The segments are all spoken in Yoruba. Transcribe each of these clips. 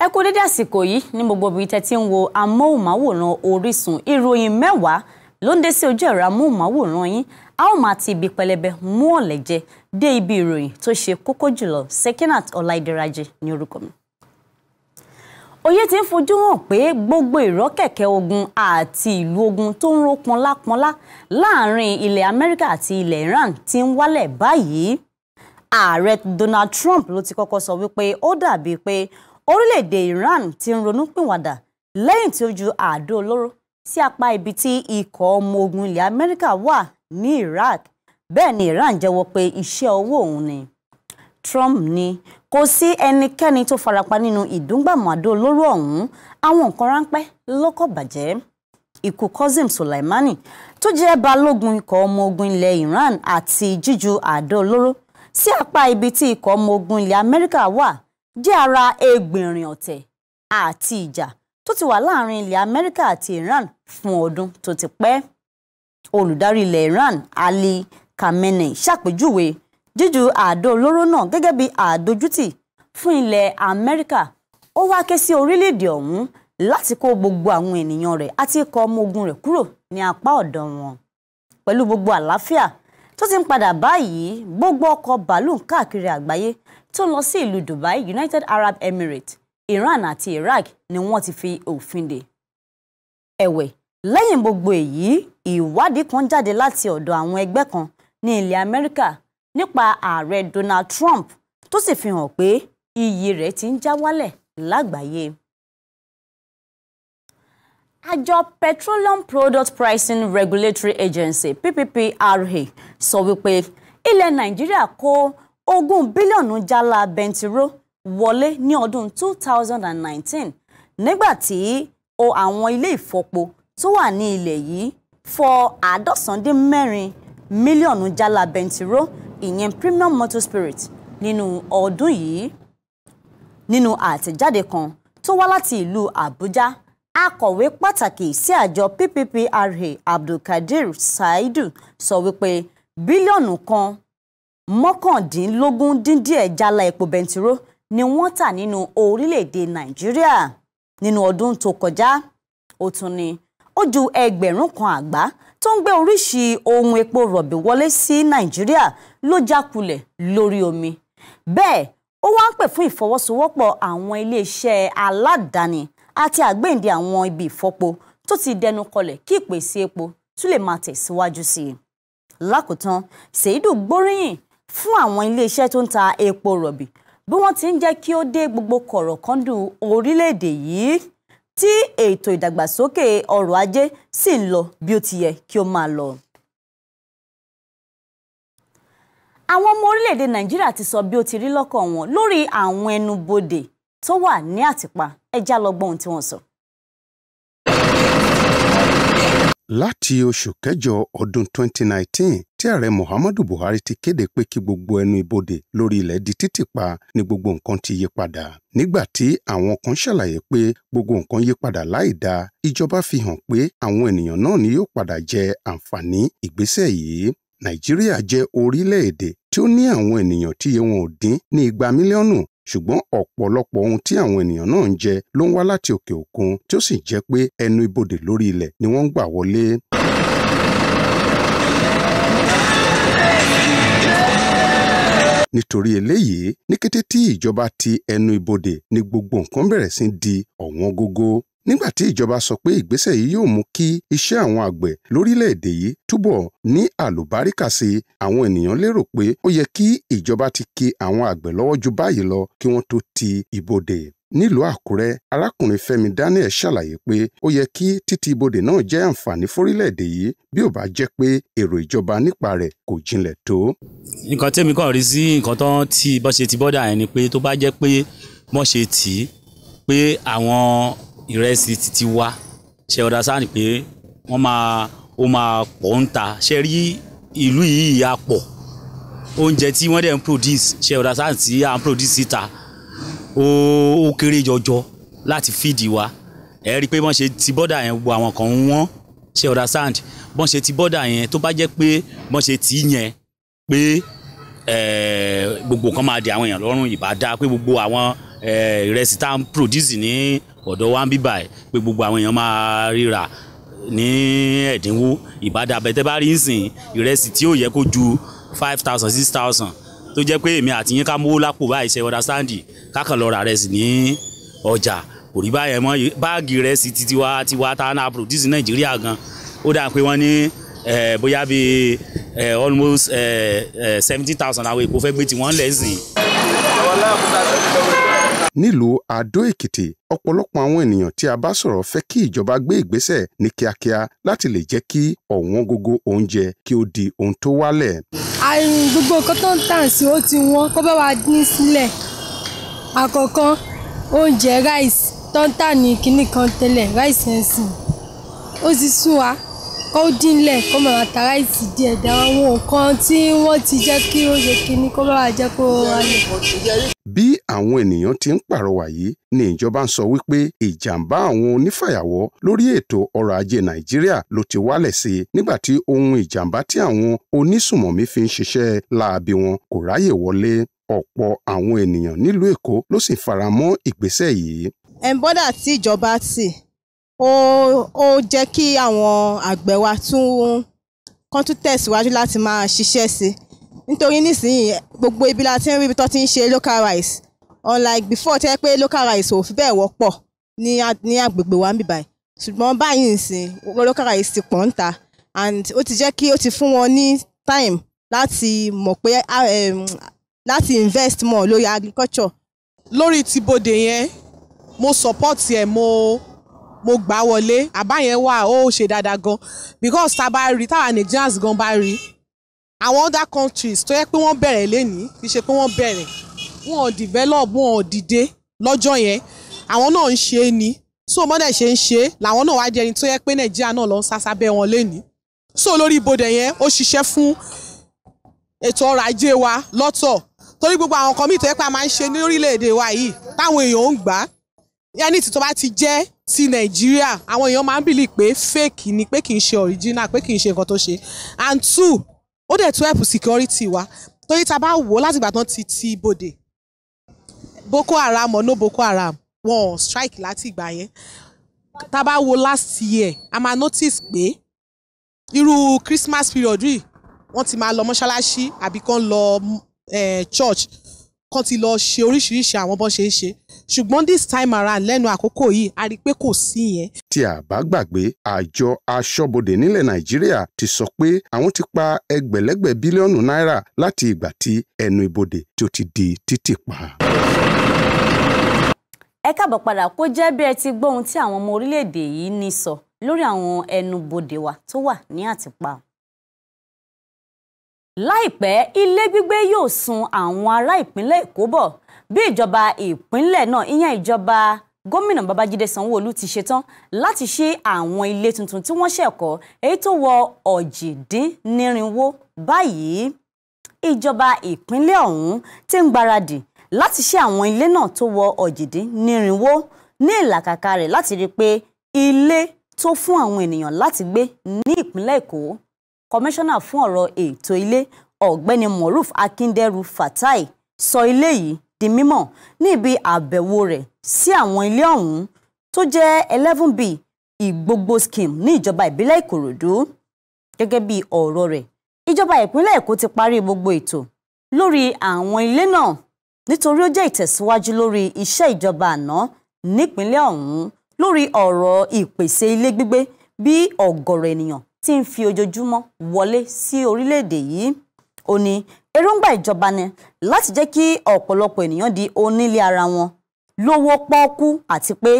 ẹ kú dédé àsìkò yìí ní gbogbo ibi tẹ́ ti ń wo amóhùnmáwòrán Orísun ìròyìn mẹ́wàá ló ń dé sí ojú ẹ̀rọ amóhùnmáwòrán yín a ó máa ti ibi pẹlẹbẹ mú ọ̀lẹ́jẹ dé ibi ìròyìn tó ṣe kókó jùlọ Sekinat Ọláìdíraje ní orúkọ mi. Oyè ti ń fojú hàn pé gbogbo ìrọ́kẹ̀kẹ̀ ogun àti ìlú ogun tó ń ró pọnlápọnlá láàrin ilẹ̀ Amẹ́ríkà àti ilẹ̀ Iran ti ń wálẹ̀ báyìí. Ààrẹ Donald Trump ló ti kọ́kọ́ sọ wípé ó dàbíi pé orílẹ̀-èdè Iran ti ń ronúpìwàdà lẹ́yìn tí ó ju àdó olóró sí apá ibi tí ikọ̀ ọmọ ogun ilẹ̀ Amẹ́ríkà wà ní Iraq bẹ́ẹ̀ ni Iran jẹ́wọ́ pé iṣẹ́ owó òun ni Trump ni kò sí ẹnikẹ́ni tó farapa nínú ìdúngbàmọ̀ àdó olóró ọ̀hún àwọn nǹkan ráńpẹ́ ló kọ̀ bàjẹ́ ikú kozim Soleimani tó jẹ́ balógun ikọ̀ ọmọ ogun ilẹ̀ Iran àti jíju àdó olóró sí apá ibi tí ikọ̀ ọmọ ogun ilẹ̀ Amẹ́ríkà wà jẹ́ ara ẹgbìnrin ọ̀tẹ̀ àti ìjà tó ti wà láàrin ilẹ̀ Amẹ́ríkà àti Iran fún ọdún tó ti pẹ́ olùdarí ilẹ̀ Iran Ali kamene, ṣàpèjúwe jíju àdó olóró náà gẹ́gẹ́ bí àdójútì fún ilẹ̀ Amẹ́ríkà ó wá ké sí orílẹ̀-èdè ọ̀hún láti kó gbogbo àwọn ènìyàn rẹ̀ àti ikọ̀ ọmọ ogun rẹ̀ kúrò ní apá ọ̀dọ̀ wọn pẹ̀lú gbogbo àlàáfíà tó ti ń padà báyìí gbogbo ọkọ̀ bàálù káàkiri àgbáyé tó lọ sí ìlú Dubai United Arab Emirates Iran àti Iraq ni wọ́n ti fi òfin dè ẹ̀wẹ̀ lẹ́yìn gbogbo èyí ìwádìí kan jáde láti ọ̀dọ̀ àwọn ẹgbẹ́ kan ní ilẹ̀ Amẹ́ríkà nípa ààrẹ Donald Trump tó sì fi hàn pé iyì rẹ̀ ti ń já wálẹ̀ lágbàáyé. Àjọ Petroleum Product Pricing Regulatory Agency PPPRA sọ wípé ilẹ̀ Nàìjíríà kó ogún bílíọ̀nù jálá bẹntiró wọlé ní ọdún 2019 nígbà tí o àwọn ilé ìfọpo tó wà ní ilẹ̀ yìí fọ àádọ́sán-dín-mẹ́rin mílíọ̀nù jálá bẹntiró ìyẹn premium motor spirit nínú ọdún yìí nínú àtẹ̀jáde kan tó wá láti ìlú Àbújá akọ̀wé pàtàkì sí àjọ PPPRA Abdulkadir Saidu sọ wípé bílíọ̀nù kan mọ́kàndínlógún dín díẹ̀ jálá epo bẹntiró ni wọ́n tà nínú orílẹ̀-èdè nàìjíríà nínú ọdún tó kọjá ó tún ní ó ju ẹgbẹ̀rún kan àgbá tó ń gbé oríṣi ohun epo rọ̀bì wọlé sí nàìjíríà ló jákulẹ̀ lórí omi bẹ́ẹ̀ ó wá ń pè fún ìfọwọ́sowọ́pọ̀ àwọn iléeṣẹ́ aládàáni àti àgbéǹde àwọn ibi ìfọpo tó ti dẹnu kọlẹ̀ kí ìpèsè epo tún lè máa tẹ̀síwájú sí i lákòótán ṣèyídù gbóríyìn fún àwọn iléeṣẹ́ tó ń ta epo rọ̀bì bí wọ́n ti ń jẹ́ kí ó dé gbogbo kọ̀rọ̀kọ́ndù orílẹ̀-èdè yìí tí ètò ìdàgbàsókè ọrọ̀ ajé sì ń lọ bí ó ti yẹ kí ó máa lọ. àwọn ọmọ orílẹ̀-èdè nàìjíríà ti sọ bí ó ti rí lọ́kàn wọn lórí àwọn ẹnubodè tó wà ní àtìpa ẹ já ohun tí wọ́n sọ. láti oṣù kẹjọ ọdún 2019 tí ààrẹ muhammadu buhari ti kéde pé kí gbogbo ẹnu ibodè lórí ilẹ̀ di títì pa ni gbogbo nǹkan ti yí padà nígbà tí àwọn kan ṣàlàyé pé gbogbo nǹkan yí padà láì dáa ìjọba fi hàn pé àwọn ènìyàn náà ni yóò padà jẹ àǹfààní ìgbésẹ̀ yìí nàìjíríà jẹ́ orílẹ̀-èdè tí ó ní àwọn ènìyàn tí iye wọn ò dín ní igba mílíọ̀nù ṣùgbọ́n ọ̀pọ̀lọpọ̀ ohun tí àwọn ènìyàn náà ń jẹ ló ń wá láti òkè òkun tí ó sì jẹ́ pé ẹnu ibodè lórí ilẹ̀ ni wọ́n ń gbà wọlé. nítorí eléyìí ní kété tí ìjọba ti ẹnu ibodè ni gbogbo nǹkan bẹ̀rẹ̀ sí di ọ̀wọ́n gógó nígbà tí ìjọba sọ pé ìgbésẹ̀ yìí yóò mú kí iṣẹ́ àwọn àgbẹ̀ lórílẹ̀‐èdè yìí túbọ̀ ní àlùbáríkà sí i àwọn ènìyàn lérò pé ó yẹ kí ìjọba ti ki àwọn àgbẹ̀ lọ́wọ́ ju báyìí lọ kí wọ́n tó ti ibodè nílùú àkúrẹ́ arákùnrin fẹ́mi daniel ṣàlàyé pé ó yẹ kí títí ibodè náà jẹ́ àǹfààní fórílẹ̀-èdè yìí bí ó bá jẹ́ pé èrò ìjọba nípa rẹ̀ kò jinlẹ̀ tó. nǹkan tẹ́mi kàn rí sí nǹkan tán tí bọ́n ṣe ti bọ́dà yẹn pé tó bá jẹ́ pé bọ́n ṣe tì í pé àwọn ìrẹsì títí wá ṣe ọ̀dà sáà ni pé wọ́n máa ó máa pọ̀ ń ta ṣe rí ìlú yìí á pọ̀ oúnjẹ tí wọ́n dẹ̀ ń produce ṣe ọ̀dà sáà tí à ń produce síta ó kéré jọjọ láti fíìdì wa ẹ rí i pé bọ́n ṣe ti bọ́dà yẹn gbogbo àwọn kan wọ́n ṣe ọ̀dà sand bọ́n ṣe ti bọ́dà yẹn tó bá jẹ́ pé bọ́n ṣe tì í yẹn pé gbogbo kan máa di àwọn èèyàn lọ́rùn ìbá pé gbogbo àwọn ìrẹsì tá à ń produce ní ọ̀dọ̀ one. ń buy ẹ̀ pé gbogbo àwọn èèyàn máa ríra ní ẹ̀dínwó ìbádà bẹ̀tẹ̀ bá rí ń sìn ìrẹsì tí ó yẹ kó ju five thousand six thousand tó jẹ́ pé èmi àti yín ká mówó lápò báyìí ṣe understand kákan lọ ra rẹsì ní ọjà kò rí báyẹn mọ́ báàgì rẹsì ti tiwa tiwa tá a náà produce nàìjíríà gan ó dáa pé wọ́n ní bóyá bíi almost seventy thousand àwọn èkó fẹ́ gbé tiwọn lẹ́sìn nílùú Adó-Èkìtì ọ̀pọ̀lọpọ̀ àwọn ènìyàn tí a bá sọ̀rọ̀ fẹ́ kí ìjọba gbé ìgbésẹ̀ ní kíákíá láti lè jẹ́ kí ọ̀wọ́n gógó oúnjẹ kí ó di ohun tó wálẹ̀. àrùn gbogbo nǹkan tó ń tàn sí ó ti wọ́n kó bá wa ní sílẹ̀ àkọ́kọ́ oúnjẹ ráìsì tó ń tà ní kinní kan tẹ́lẹ̀ ráìsì ẹ̀sìn ó ti sún wa kó dínlẹ̀ kó máa ta ráìsì díẹ̀ dá àwọn nǹkan tí wọ́n ti jẹ́ kí ó ṣe kinní kó máa jẹ́ kó rọrùn. bí àwọn ènìyàn ti ń pàrọwà yìí ni ìjọba ń sọ wípé ìjàmbá àwọn onífàyàwọ́ lórí ètò ọrọ̀ ajé nàìjíríà ló ti wálẹ̀ sí i nígbà tí ohun ìjàmbá tí àwọn onísùmọ̀mí fi ń ṣiṣẹ́ láabi wọn kò ráyè wọlé ọ̀pọ̀ àwọn ènìyàn nílùú èkó ló sì faramọ́ ìgbésẹ̀ yìí ó ó jẹ́ kí àwọn àgbẹ̀ wa tún kán tún tẹ̀síwájú láti máa ṣiṣẹ́ sí nítorí nísìnyí gbogbo ibi la ti ń rí ibi tó ti ń ṣe local rice unlike before tẹ́ pé local rice ò fi bẹ́ẹ̀ wọ́pọ̀ ní ní agbègbè wa níbí báyìí ṣùgbọ́n báyìí nìsín local rice ti pọ̀ ń ta and ó ti jẹ́ kí ó ti fún wọn ní time láti mọ̀ pé ehm, láti invest more lórí agriculture. lórí tibodè yẹn mo support ẹ mo mo gbà wọlé àbá yẹn wà ó ṣe dáadáa gan because tá a bá rí táwa Nigerians gan bá rí àwọn other countries tó yẹ pé wọ́n bẹ̀rẹ̀ lénìí kì í ṣe pé wọ́n bẹ̀rẹ̀ wọn ò develop wọn ò dìde lọ́jọ́ yẹn àwọn náà ń ṣe é ni so mọ́dẹ̀ ṣe ń ṣe é làwọn náà wá jẹ́ ẹni tó yẹ pé Nàìjíríà náà lọ ń sásá bẹ́ wọn lénìí so lórí ibodè yẹn ó ṣiṣẹ́ fún ètò ọrọ̀ ajé wa lọ́tọ̀ torí gbogbo àwọn kan míì tó yẹ pé a máa ń ṣe ní orílẹ̀-èdè wa yìí táwọn èèyàn ń gbà á yẹn ní ti tó bá ti jẹ́ ti nàìjíríà àwọn èèyàn máa ń bìlì pé fake ni pé kì í ṣe original pé kì í ṣe nǹkan tó ṣe and two ó dẹ̀ tó help security wa torí ta bá wò ó látìgbà tán ti ti ibodè boko haram or no boko haram wọn ò strike láti ìgbà yẹn ta bá wo last year a máa notice pé irú christmas period yìí wọ́n ti máa lọ mọ́ṣáláṣí àbí kán lọ eh, church kán ti lọ ṣe oríṣiríṣi àwọn bó ṣe ń ṣe ṣùgbọ́n this time around lẹ́nu àkókò yìí a rí i pé kò sí yẹn. tí a bá gbàgbé àjọ aṣọ́bodè nílẹ̀ nàìjíríà ti sọ pé àwọn ti pa ẹgbẹ̀lẹ́gbẹ̀ bílíọ̀nù náírà láti ìgbà tí ẹnu ibodè tí ó ti di títì pa. ẹ káàbọ̀ padà kó jẹ́ bí ẹ ti gbọ́ ohun tí àwọn ọmọ orílẹ̀-èdè yìí ní sọ lórí àwọn ẹnubodè wa tó wà ní àtìpa láìpẹ́ ilé gbígbé yóò sun àwọn ará ìpínlẹ̀ èkó bọ̀ bí ìjọba ìpínlẹ̀ náà ìyẹn ìjọba gómìnà babájídé sanwóolu ti ṣetán láti ṣí àwọn ilé tuntun tí wọ́n ṣẹ̀ kọ́ èyí tó wọ ọ̀jìdínnírinwó báyìí ìjọba ìpínlẹ̀ ọ̀hún ti ń gbaradì láti ṣí àwọn ilé náà tó wọ ọ̀jìdínnírinwó ní ìlàkàkà rẹ̀ láti rí i pé ilé tó fún àwọn ènìyàn láti gbé ní ìpínlẹ̀ èkó kọmíṣánná fún ọ̀rọ̀ ètò ilé ọ̀gbẹ́ni moruf akínderú fatai sọ ilé yìí di mímọ̀ ní ibi àbẹ̀wò rẹ̀ sí àwọn ilé ọ̀hún tó jẹ́ 11b ìgbogbo scheme ní ìjọba ìbílẹ̀ ìkòròdú gẹ́gẹ́ bí ọ̀rọ̀ rẹ̀ ìjọba ìpínlẹ̀ èkó ti parí gbogbo ètò lórí àwọn ilé náà nítorí ó jẹ́ ìtẹ̀síwájú lórí iṣẹ́ ìjọba àná nípínlẹ̀ ọ̀hún lórí ọ̀rọ̀ ìpèsè ilé gbígbé bí ọ̀gọ̀rọ̀ ènìyàn tí ń fi ojoojúmọ́ wọlé sí orílẹ̀-èdè yìí ó ní èròǹgbà ìjọba ni láti jẹ́ kí ọ̀pọ̀lọpọ̀ ènìyàn di onílé ara wọn lówó pọ́ọ́kú àti pé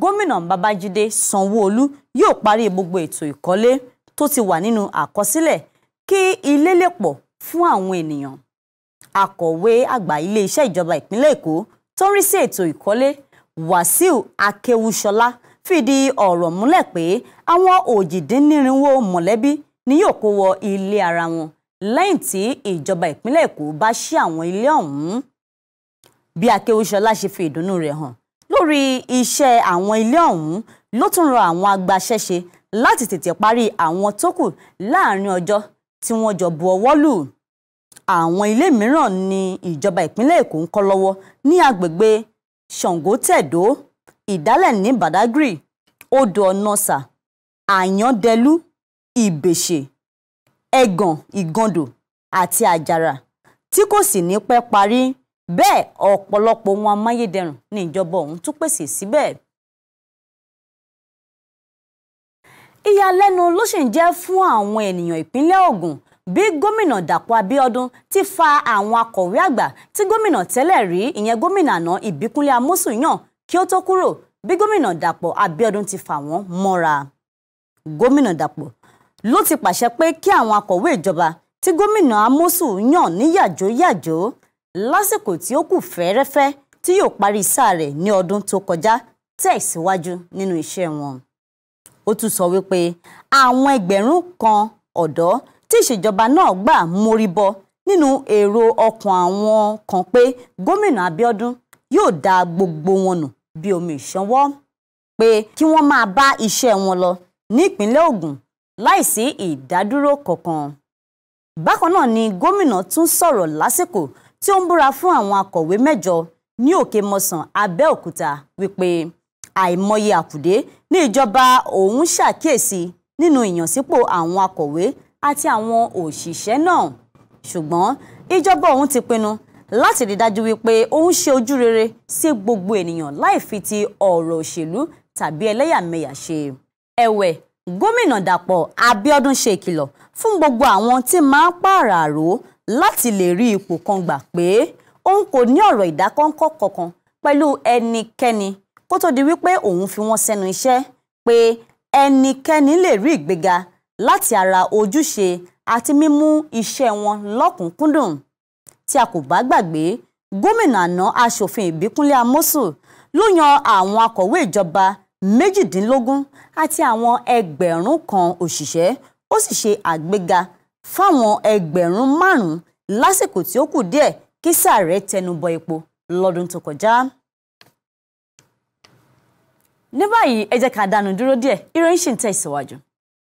gómìnà babájídé sanwóolu yóò parí gbogbo ètò ìkọ́lé tó ti wà nínú àkọsílẹ̀ kí ilé lè pọ̀ fún àwọn ènìyàn akọ̀wé àgbà iléeṣẹ́ ìjọba ìpínlẹ̀ èkó tó ń rí sí ètò ìkọ́lé wàsíù akéwúṣọlá fìdí ọ̀rọ̀ múlẹ̀ pé àwọn òjìdínnírinwó mọ̀lẹ́bí ni yóò kó wọ ilé ara wọn lẹ́yìn tí ìjọba ìpínlẹ̀ èkó bá ṣí àwọn ilé ọ̀hún bí akéwìṣọlá ṣe fi ìdùnnú rẹ̀ hàn lórí iṣẹ́ àwọn ilé ọ̀hún ló tún rọ àwọn agbaṣẹ́ṣe láti tètè parí àwọn tó kù láàrin ọjọ́ tí wọ́n jọ bu ọwọ́ lù àwọn ilé mìíràn ni ìjọba ìpínlẹ̀ èkó ń kọ́ lọ́wọ́ ní agbègbè ṣàngótẹ̀dó ìdálẹ̀ ní Badagry odò ọ̀nàsà àyándẹ́lú ìbèṣe ẹ̀gàn ìgàndò àti àjàrà tí kò sì ní pẹ́ parí bẹ́ẹ̀ ọ̀pọ̀lọpọ̀ ohun amáyédẹrùn ní ìjọba ọ̀hún tún pèsè síbẹ̀. ìyàlẹ́nu ló sì ń jẹ́ fún àwọn ènìyàn ìpínlẹ̀ Ògùn bí gómìnà Dàpọ̀ Abíọ́dún ti fa àwọn akọ̀wé àgbà tí gómìnà tẹ́lẹ̀ rí ìyẹn gómìnà àná Ìbíkúnlé Amósùn yàn kí ó tó kúrò bí gómìnà Dàpọ̀ Abíọ́dún ti fà wọ́n mọ́ra gómìnà Dàpọ̀ ló ti pàṣẹ pé kí àwọn akọ̀wé ìjọba tí gómìnà Amosu yàn ní yàjóyàjó lásìkò tí ó kù fẹ́ẹ́rẹ́fẹ́ tí yóò parí sáà rẹ̀ ní ọdún tó kọjá tẹ̀síwájú nínú iṣẹ́ wọn ó tún sọ wípé àwọn ẹgbẹ̀rún kan ọ̀dọ́ tí ìṣèjọba náà gbà mórí bọ nínú èrò ọkàn àwọn kan pé gómìnà Abíọ́dún yóò dá gbogbo wọn nù bíi omi ìṣanwọ́ pé kí wọ́n máa bá iṣẹ́ wọn lọ ní ìpínlẹ̀ Ògùn láìsí ìdádúró kankan. bákan náà ni gómìnà tún sọ̀rọ̀ lásìkò tí ó ń búra fún àwọn akọ̀wé mẹ́jọ ní Òkè Mọ̀sán Abẹ́òkúta wípé àìmọye àkùdé ní ìjọba òun ṣàkíyèsí nínú ìyànsípò àwọn akọ̀wé àti àwọn òṣìṣẹ́ náà ṣùgbọ́n ìjọba òun ti pinnu láti rí dájú wípé ó ń ṣe ojú rere sí gbogbo ènìyàn láì fi ti ọ̀rọ̀ òṣèlú tàbí ẹlẹ́yàmẹ̀yà ṣe ẹ̀wẹ̀ gómìnà Dàpọ̀ Abíọ́dún ṣe ìkìlọ̀ fún gbogbo àwọn tí máa ń pààràrò láti lè rí ipò kan gbà pé òun kò ní ọ̀rọ̀ ìdákọ́ńkọ́ kankan pẹ̀lú ẹnikẹ́ni kó tó di wípé òun fi wọ́n sẹ́nu iṣẹ́ pé ẹnikẹ́ni lè rí ìgbéga láti ara ojúṣe àti mímú iṣẹ́ wọn lọ́kùnkúndùn tí a kò bá gbàgbé gómìnà àná aṣòfin ìbíkúnlé amósùn ló yan àwọn akọ̀wé ìjọba méjìdínlógún àti àwọn ẹgbẹ̀rún kan òṣìṣẹ́ ó sì ṣe àgbéga fáwọn ẹgbẹ̀rún márùn-ún lásìkò tí ó kù díẹ̀ kí sáà rẹ̀ tẹnubọ epo lọ́dún tó kọjá. ní báyìí ẹ jẹ́ ká dánu dúró díẹ̀ ìròyìn ṣì ń tẹ̀síwájú.